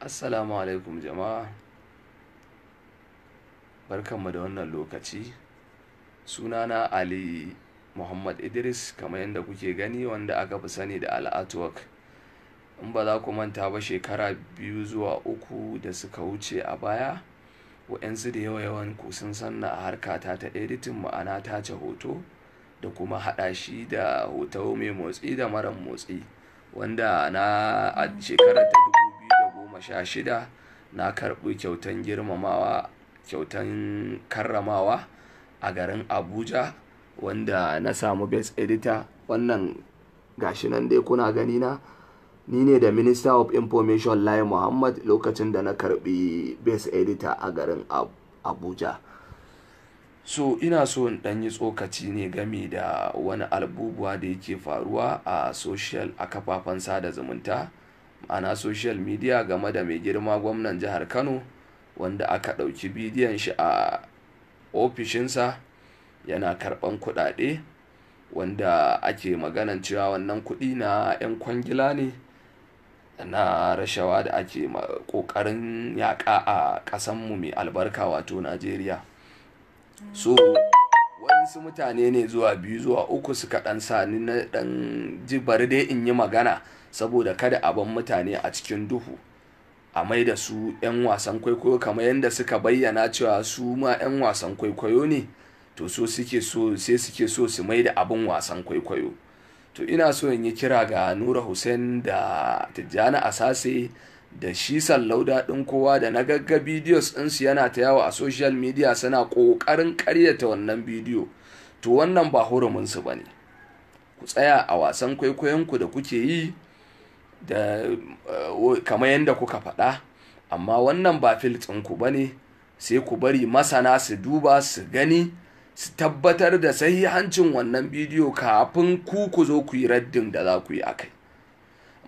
Assalamu alaikum jama'a barkanmu da wannan lokaci sunana Ali Muhammad Idris kamar yadda kuke gani wanda aka fi sani da al Al-Artwork in ba za ku manta ba shekara biyu zuwa uku da suka wuce a baya wa'yansu da yawa yawan ku sun sanna a harkata ta editin ma'ana tace hoto da kuma haɗa shi da hoto mai motsi da mara motsi wanda na a shekarar ta sha shida na karɓi kyautan girmamawa kyautan karramawa a garin abuja wanda na samu best editor wannan gashi nan dai kuna gani na ni ne da minister of information lai muhammad lokacin da na karbi best editor a garin abuja so ina so in yi tsokaci ne game da wani albubuwa da yake faruwa a social a kafafen sada zumunta ana social media game da mai girma gwamnan jihar kano wanda aka ɗauki bidiyon shi a ofishinsa yana karɓan kuɗaɗe wanda ake maganan cewa wannan kuɗi na 'yan kwangila ne na rashawa da ake ƙoƙarin yaƙa a ƙasanmu mai albarka wato najeriya so waɗansu mutane ne zuwa biyu zuwa uku suka ɗan sani na ɗan bari dai in yi magana saboda kada a mutane a cikin duhu a mai da su 'yan wasan kwaikwayo kamar yadda suka bayyana cewa su ma 'yan wasan kwaikwayo ne to so suke so sai suke so su mai da abin wasan kwaikwayo to ina so in yi kira ga nura hussein da tijjani asase da shi sallau daɗin kowa da na gagga bidiyos su yana ta yawo a social media suna ƙoƙarin ƙaryata wannan bidiyo to wannan ba huruminsu ba ne ku tsaya a wasan kwaikwayonku da kuke yi da eh, kamar yadda kuka faɗa amma wannan ba fil ba ne sai ku bari masana su duba su gani su tabbatar da hancin wannan bidiyo kafin ku ku zo ku yi raddin da za ku yi a kai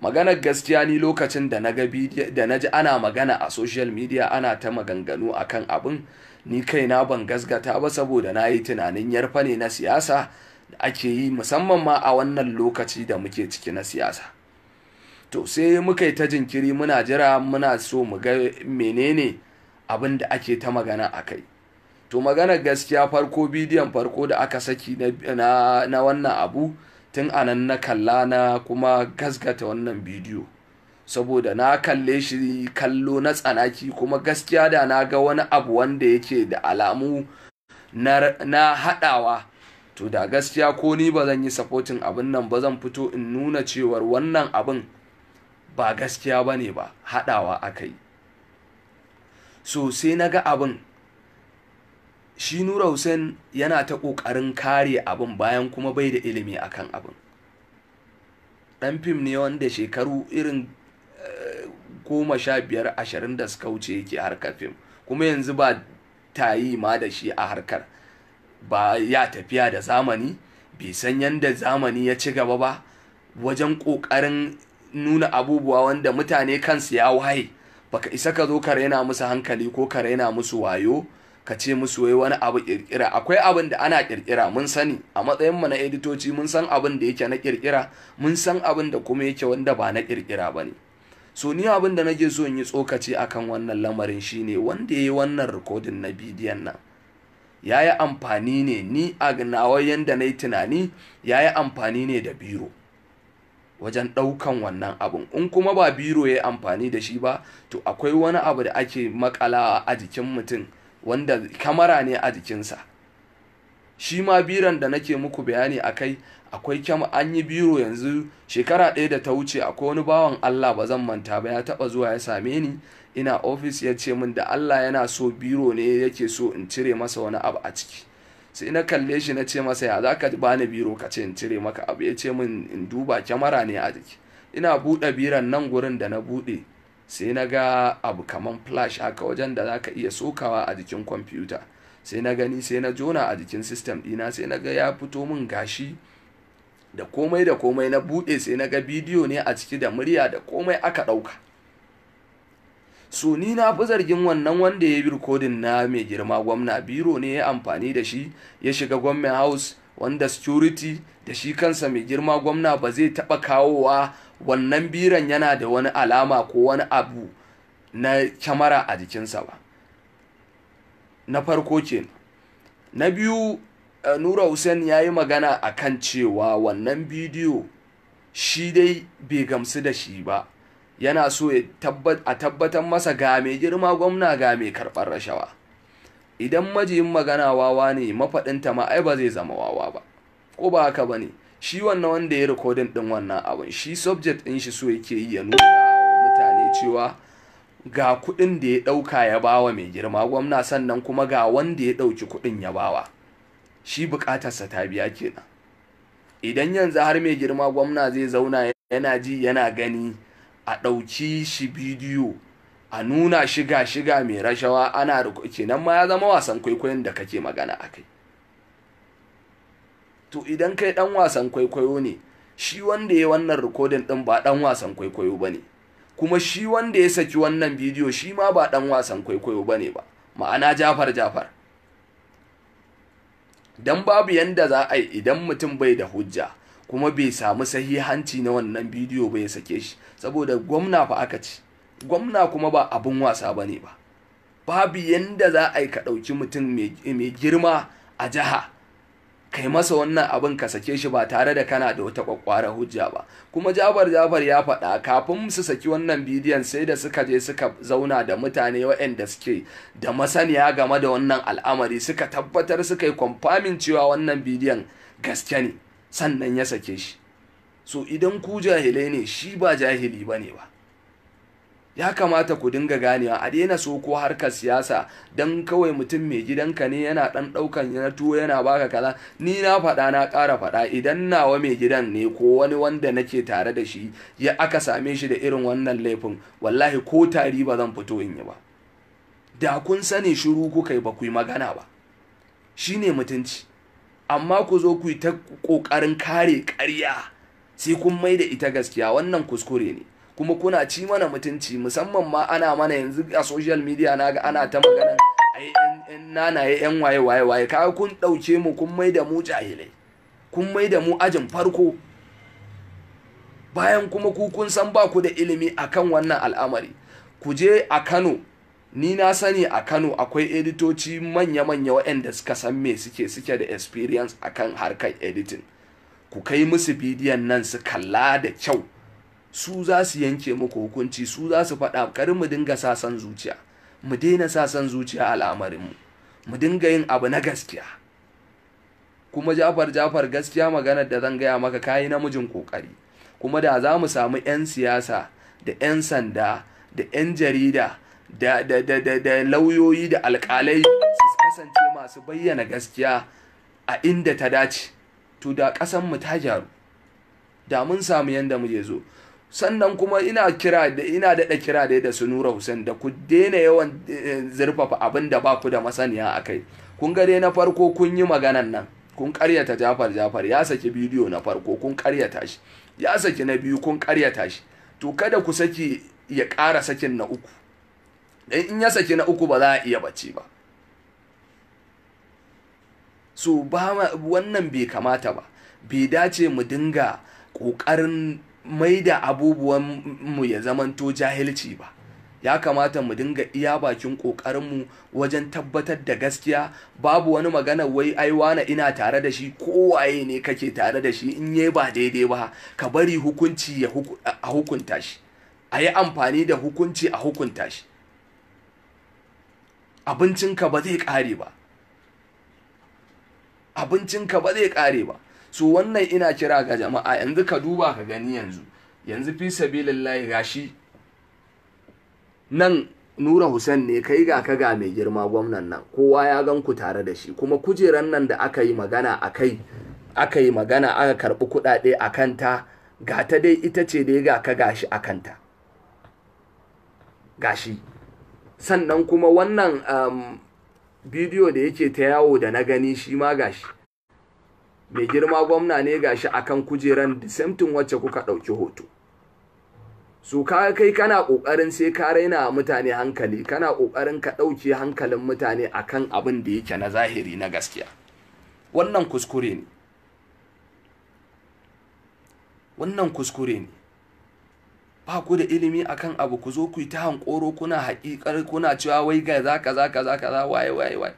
maganar gaskiya ni lokacin da na ga da na ji ana magana a social media ana ta maganganu akan abin ni kaina ban gasgata ba saboda na yi tunanin yarfa ne na siyasa da ake yi musamman ma a wannan lokaci da muke ciki na siyasa to sai muka yi ta jinkiri muna jira muna so mu ga menene abin da ake ta magana a kai to magana gaskiya farko bidiyon farko da aka saki na, wannan abu tun anan na kalla na kuma gasgata wannan bidiyo saboda na kalle shi kallo na tsanaki kuma gaskiya da na ga wani abu wanda yake da alamu na, hadawa haɗawa to da gaskiya ko ni ba zan yi sapotin abin nan ba zan fito in nuna cewar wannan abin ba gaskiya ba ne ba haɗawa aka yi so sai na ga abin shi nura hussein yana ta ƙoƙarin kare abin bayan kuma bai da ilimi akan abin ɗan fim ne wanda shekaru irin eh, goma sha biyar ashirin da suka wuce yake harkar fim kuma yanzu ba ta yi ma da shi a harkar ba ya tafiya da zamani bai san yadda zamani ya ci gaba ba wajen ƙoƙarin nuna abubuwa wanda mutane kansu ya waye baka isa ka zo ka raina musu hankali ko ka raina musu wayo ka ce musu wai wani abu kirkira akwai abin da ana kirkira mun sani a matsayin mu na editoci mun san abin da yake na kirkira mun san abin da kuma yake wanda ba na kirkira ba ne so ni abin da nake so in yi tsokaci akan wannan lamarin shine wanda yayi wannan rikodin na bidiyon nan yayi yi amfani ne ni a nawa yanda na yi tunani yayi amfani ne da biro wajen ɗaukan wannan abin in kuma ba biro ya amfani da shi ba to akwai wani abu da ake makalawa a jikin mutum wanda kamara ne a jikinsa shi ma biron da nake muku bayani a kai akwai kyamu an yi biro yanzu shekara ɗaya da ta wuce akwai wani bawan allah ba zan manta ba ya taɓa zuwa ya same ni ina ofis ya ce min da allah yana so biro ne yake so in cire masa wani abu a ciki sai na kalle shi na ce masa ya zaka bani biro ka ce in cire maka abu ya ce min in duba kyamara ne a jiki ina buɗe biran nan gurin da na buɗe sai na ga abu kaman flash haka wajen da zaka iya sokawa a jikin kwamfuta sai na gani sai na jona a jikin system ɗina sai na ga ya fito min gashi da komai da komai na buɗe sai na ga bidiyo ne a ciki da murya da komai aka ɗauka so ni na fi zargin wannan wanda ya yi rikodin na mai girma gwamna biro ne ya amfani da shi ya shiga gwamnan house wanda security da shi kansa mai girma gwamna ba zai taɓa kawowa wannan biran yana da wani alama ko wani abu na kyamara a jikinsa ba na farko ke na biyu eh, nura hussein ya yi magana a kan cewa wannan bidiyo shi dai bai gamsu da shi ba yana so a tabbatar masa ga mai girma gwamna ga mai karɓar rashawa idan majiyin magana wawa ne mafaɗinta ma ba zai zama wawa ba ko ba haka ba ne shi wannan wanda ya rikodin ɗin wannan abin shi subject ɗin shi so yake yi ya nuna wa mutane cewa ga kuɗin da ya ɗauka ya bawa mai girma gwamna sannan kuma ga wanda ya ɗauki kuɗin ya bawa shi buƙatarsa ta biya kenan idan yanzu har mai girma gwamna zai zauna yana ji yana gani a ɗauki shi bidiyo a nuna shiga shiga mai rashawa ana rikuce nan ma ya zama wasan kwaikwayon da kake magana a kai to idan kai ɗan wasan kwaikwayo ne shi wanda ya wannan rikodin ɗin ba ɗan wasan kwaikwayo ba ne kuma shi wanda ya saki wannan bidiyo shi ma ba ɗan wasan kwaikwayo ba ne ba ma'ana jafar jafar don babu yanda za a yi idan mutum bai da hujja kuma bai samu sahihanci na wannan bidiyo ba ya sake shi saboda gwamna fa aka ci gwamna kuma ba abin wasa ba ne ba babu yadda za a yi ka ɗauki mutum mai girma a jiha kai masa wannan abin ka sake shi ba tare da kana da wata kwakwara hujja ba kuma jabar jabar ya faɗa kafin su saki wannan bidiyon sai da suka je suka zauna da mutane waɗanda suke da masaniya game da wannan al'amari suka tabbatar suka yi kwamfamin cewa wannan bidiyon gaske ne sannan ya sake shi so idan ku jahilai ne shi ba jahili ba ne ba ya kamata ku dinga ganewa a daina so ko harka siyasa don kawai mutum mai gidanka ne yana dan daukan yana tuwo yana baka kaza ni na faɗa na ƙara faɗa idan nawa mai gidan ne ko wani wanda nake tare da shi ya aka same shi da irin wannan laifin wallahi ko tari ba zan fito in yi ba da kun sani shiru kuka yi ba ku yi magana ba Shi ne mutunci amma ku zo ku yi ta ƙoƙarin kare ƙarya sai kun mai da ita gaskiya wannan kuskure ne kuma kuna ci mana mutunci musamman ma ana mana yanzu a social media naga ana ta maganan ai yan nanaye yan waye waye waye ka kun ɗauke mu kun mai da mu jahilai kun mai da mu ajin farko bayan kuma ku kun san ba ku da ilimi akan wannan al'amari ku je a Kano ni na sani a kano akwai editoci manya-manya waɗanda suka san me suke suke da experience a kan harkar editing ku kai musu bidiyon nan su kalla da kyau su za su yanke muku hukunci su za su faɗa kar mu dinga sasan zuciya mu daina sa san zuciya al'amarinmu mu dinga yin abu na gaskiya kuma jafar jafar gaskiya maganar da zan gaya maka kayi namijin kokari kuma da za mu samu 'yan siyasa da 'yan sanda da 'yan jarida da lauyoyi da alkalai su kasance masu bayyana gaskiya a inda ta dace to da ƙasan mu ta jaru da mun samu yanda muke zo sannan kuma ina kira da ina daɗa kira da da su nura hussein da ku daina yawan eh, zurfafa abin da ba ku da masaniya a kai kun ga dai na farko kun yi maganan nan kun ƙaryata jafar jafar ya saki bidiyo na farko kun karyata shi ya saki na biyu kun karyata shi to kada ku saki ya ƙara sakin na uku in ya saki na uku ba za a iya bacci ba so ba wannan bai kamata ba bai dace mu dinga ƙoƙarin maida abubuwan mu ya zamanto jahilci ba ya kamata mu dinga iya bakin ƙoƙarinmu wajen tabbatar da gaskiya babu wani magana wai ai na ina tare da shi Ko waye ne kake tare da shi in yi ba daidai ba ka bari hukunci a hukunta shi a yi amfani da hukunci a hukunta shi abincinka ba zai ƙare ba abincinka ba zai ƙare ba so wannan ina kira ga jama'a yanzu ka duba ka gani yanzu yanzu fi sabilillahi gashi nan Nura Hussein ne kai ga ka ga mai girma gwamnan nan kowa ya gan ku tare da shi kuma kujeran nan da aka yi magana a kai aka yi magana aka karɓi kuɗaɗe a kanta ga ta dai ita ce dai ga ka gashi a kanta gashi sannan kuma wannan um, bidiyo da yake ta yawo da na gani shi ma gashi mai girma gwamna ne gashi akan kujeran disemtin wacce kuka ɗauki hoto su ka kai kana ƙoƙarin sai ka raina mutane hankali kana ƙoƙarin ka ɗauke hankalin mutane akan abin da yake na zahiri na gaskiya wannan wannan kuskure ne ba ku da ilimi akan abu ku zo ku yi ta hankoro kuna haƙiƙar kuna cewa wai ga za ka za ka za ka za waye waye waye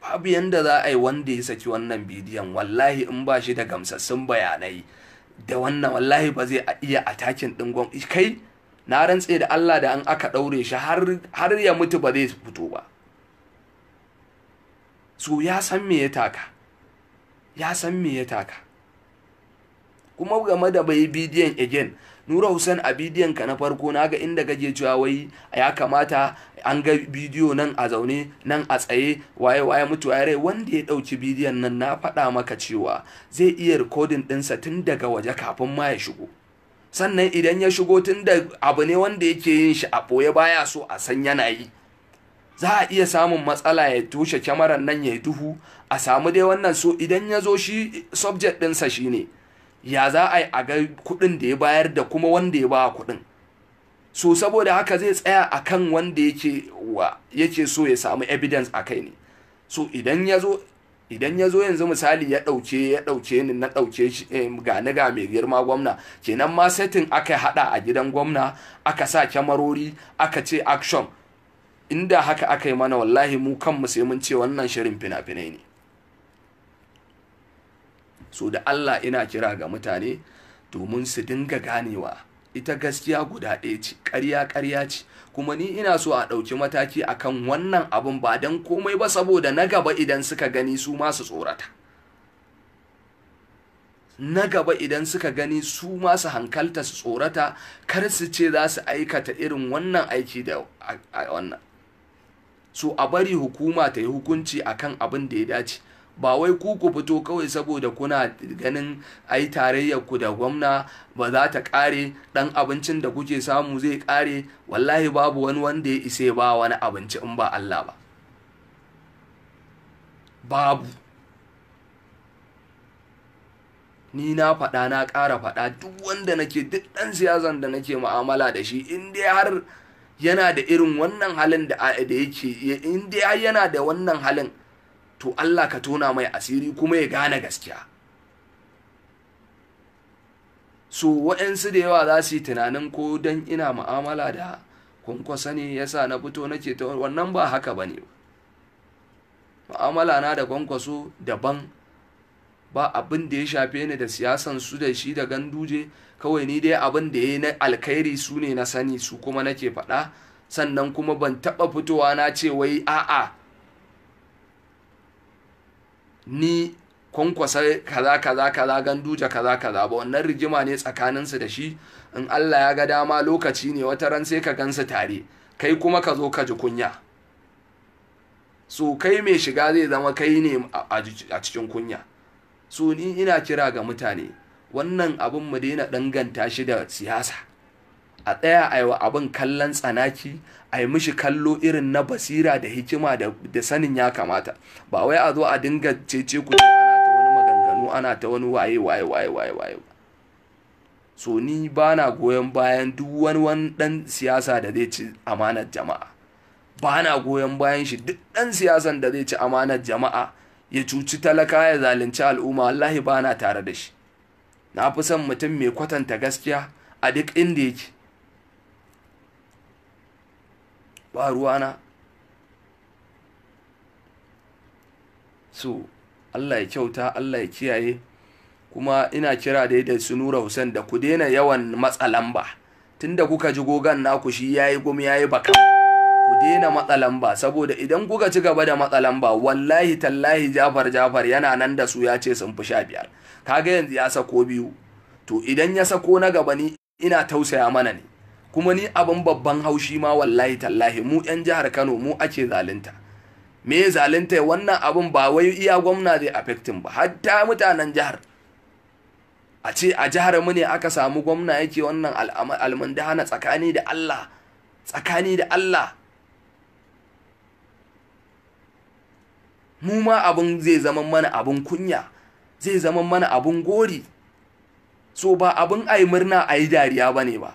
babu yanda za a yi wanda ya saki wannan bidiyon wallahi in ba shi da gamsassun bayanai da wannan wallahi ba zai iya atakin ɗin gwamnati kai na rantse da Allah da an aka ɗaure shi har ya mutu ba zai fito ba so ya san me ya taka ya san me ya taka kuma game da bai bidiyon again nura hussein a bidiyon ka na farko na ga inda gaje cewa wai ya kamata an ga bidiyo nan a zaune nan a tsaye waye waye mutu waye rai wanda ya dauki bidiyon nan na faɗa maka cewa zai iya rikodin ɗinsa tun daga waje kafin ma ya shigo sannan idan ya shigo tun da abu ne wanda yake yin shi a ɓoye baya so a san yana yi za a iya samun matsala ya tushe kyamarar nan ya yi duhu a samu dai wannan so idan ya zo shi subject ɗinsa shine ya za a yi a ga kuɗin da ya bayar da kuma wanda ya ba kuɗin so saboda haka zai tsaya a kan wanda yake so ya samu evidence a kai ne so idan ya zo yanzu misali ya ɗauke ya ɗauke ni na ɗauke shi eh, ga ga mai girma gwamna kenan ma setin aka haɗa a gidan gwamna aka sa kyamarori aka ce action inda haka aka yi mana wallahi mu kanmu sai mun ce wannan shirin fina-finai ne so da Allah ina kira ga mutane domin su dinga ganewa ita gaskiya guda ɗaya ce ƙarya ƙarya ce kuma ni ina so a ɗauki mataki akan wannan abin ba don komai ba saboda na gaba idan suka gani su masu tsorata na gaba idan suka gani su masu hankalta su tsorata kar su ce za su aikata irin wannan aiki da wannan so a bari hukuma ta yi hukunci akan abin da ya dace ba wai ku ku fito kawai saboda kuna ganin yi tarayyar ku da gwamna ba za ta kare dan abincin da kuke samu zai kare wallahi babu wani wanda ya ise ba wani abinci in ba Allah ba babu ni na faɗa na ƙara faɗa duk wanda nake duk ɗan siyasan da nake mu'amala da shi in dai har yana da irin wannan halin da yake in dai har yana da wannan halin to Allah ka tona mai asiri kuma ya gane gaskiya so waɗansu da yawa za su yi tunanin ko don ina ma'amala da kwankwasa ne ya sa na fito nake ta wannan ba haka ba ne Ma'amala na da kwankwaso daban ba abin da ya shafe ni da siyasan su da shi da ganduje kawai ni dai abin da ya na alkhairi su ne na sani su kuma nake faɗa sannan kuma ban taɓa fitowa na ce wai a'a ni kwankwasa kaza kaza kaza ganduja kaza kaza ba wannan rigima ne tsakaninsu da shi in Allah ya ga dama lokaci ne wata ran sai ka gansu tare kai kuma ka zo ka ji kunya so kai mai shiga zai zama kai ne a cikin kunya so ni ina kira ga mutane wannan abin mu daina danganta shi da siyasa a tsaya a yi abin kallon tsanaki a yi mishi kallo irin na basira da hikima da sanin ya kamata ba wai a zo a dinga cece ku ana ta wani maganganu ana ta wani waye waye waye waye goyon bayan duk wani wani dan siyasa da zai ci amanar jama'a shi duk dan siyasan da zai ci amanar jama'a ya cuci talaka ya zalunci al'umma wallahi bana tare da shi na fi son mutum mai kwatanta gaskiya a duk inda yake ba ruwana so allah ya kyauta allah ya kiyaye kuma ina kira dai da su nura hussein da ku daina yawan matsalan ba tunda kuka ji gogan naku shi yayi ya yayi baka ku daina matsalan ba saboda idan kuka ci gaba da matsa lamba wallahi tallahi jafar jafar yana nan da su ya ce sun fi sha biyar kaga yanzu ya sako biyu to idan ya sako na gaba ni ina tausaya mana ne kuma ni abin babban haushi ma wallahi tallahi mu yan jihar Kano mu ake zalunta me zalunta wannan abin ba wai iya gwamna zai affecting ba hatta mutanen jihar a ce a jihar mu ne aka samu gwamna yake wannan almundahana tsakani da Allah tsakani da Allah mu ma abin zai zama mana abin kunya zai zama mana abin gori so ba abin ai murna a yi dariya ba, ne ba.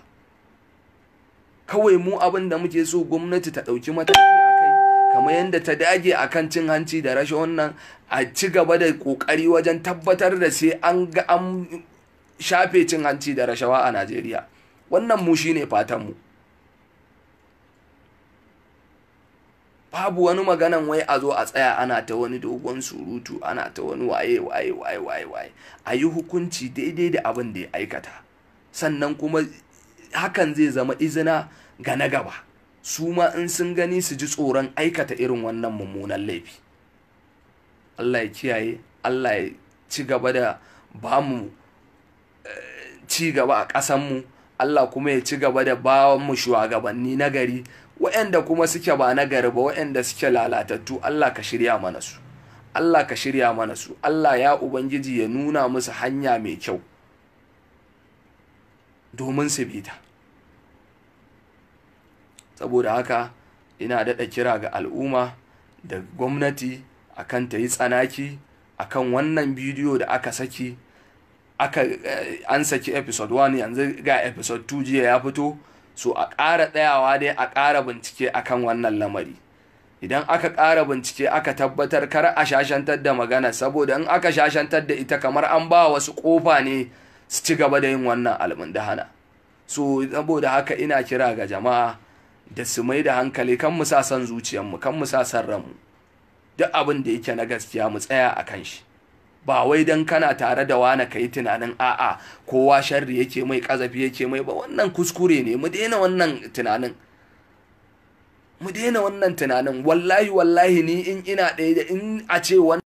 kawai mu abin da muke so gwamnati ta ɗauki mataki a kai kamar yadda ta dage a kan cin hanci da rashin wannan a ci gaba da ƙoƙari wajen tabbatar da sai an ga an shafe cin hanci da rashawa a najeriya wannan mu shine mu. babu wani maganan wai a zo a tsaya ana ta wani dogon surutu ana ta wani waye waye waye waye a yi hukunci daidai da abin da ya aikata sannan kuma hakan zai zama izina ga na gaba su ma in sun gani su ji tsoron aikata irin wannan mummunan laifi Allah ya kiyaye Allah ya ci gaba da ba mu eh, ci gaba a ƙasanmu Allah kuma ya ci gaba da bawan mu shugabanni na gari kuma suke ba nagari ba wa'anda suke lalatattu Allah ka shirya mana su Allah ka shirya mana su Allah ya ubangiji ya nuna musu hanya mai kyau domin su bi ta saboda haka ina daɗa kira ga al'umma da gwamnati akan ta yi tsanaki akan wannan bidiyo da aka saki aka eh, an saki episode 1 yanzu ga episode 2 jiya ya fito so a ƙara tsayawa dai a ƙara bincike akan wannan lamari idan aka ƙara bincike aka tabbatar kar a shashantar da magana saboda in aka shashantar da ita kamar an ba wasu ƙofa ne su ci gaba da yin wannan almundahana so saboda haka ina kira ga jama'a da su mai da hankali kan mu sa son zuciyarmu kan mu sa son ranmu duk abin da yake na gaskiya mu tsaya a kan shi ba wai dan kana tare da wani yi tunanin a'a kowa sharri yake mai kazafi yake mai ba wannan kuskure ne mu daina wannan tunanin mu daina wannan tunanin wallahi wallahi ni in ina ɗaya da in a ce